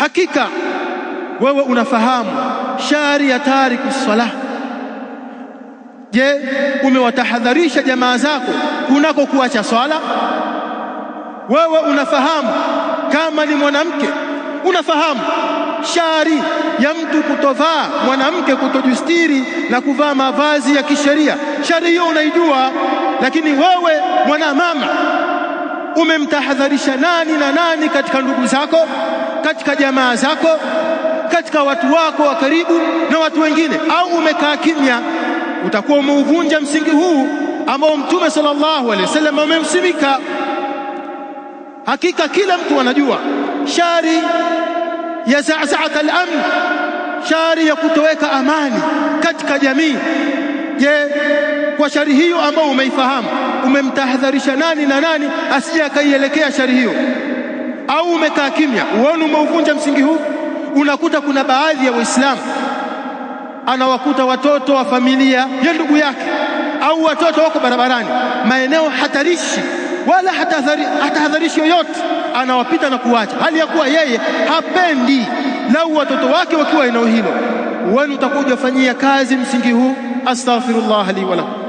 Hakika wewe unafahamu shari ya tariku salah. Je, umewatahadharisha jamaa zako kunako kuacha swala? Wewe unafahamu kama ni mwanamke, unafahamu shari ya mtu kutovaa, mwanamke kutojustiri na kuvaa mavazi ya kisheria. Shari hiyo unaijua, lakini wewe mwanamama umemtahadharisha nani na nani katika ndugu zako? katika jamaa zako, katika watu wako wa karibu na watu wengine, au umekaa kimya, utakuwa umeuvunja msingi huu ambao Mtume sallallahu alaihi wasallam amemsimika. Hakika kila mtu anajua shari ya zazaata al-amn, shari ya kutoweka amani katika jamii. Je, kwa shari hiyo ambayo umeifahamu, umemtahadharisha nani na nani asije akaielekea shari hiyo? au umekaa kimya, uone umeuvunja msingi huu. Unakuta kuna baadhi ya Waislamu anawakuta watoto wa familia ya ndugu yake au watoto wako barabarani, maeneo hatarishi, wala hatahadharishi yoyote, anawapita na kuwacha, hali ya kuwa yeye hapendi lau watoto wake wakiwa eneo hilo. Wewe utakuja kufanyia kazi msingi huu. Astaghfirullah li wa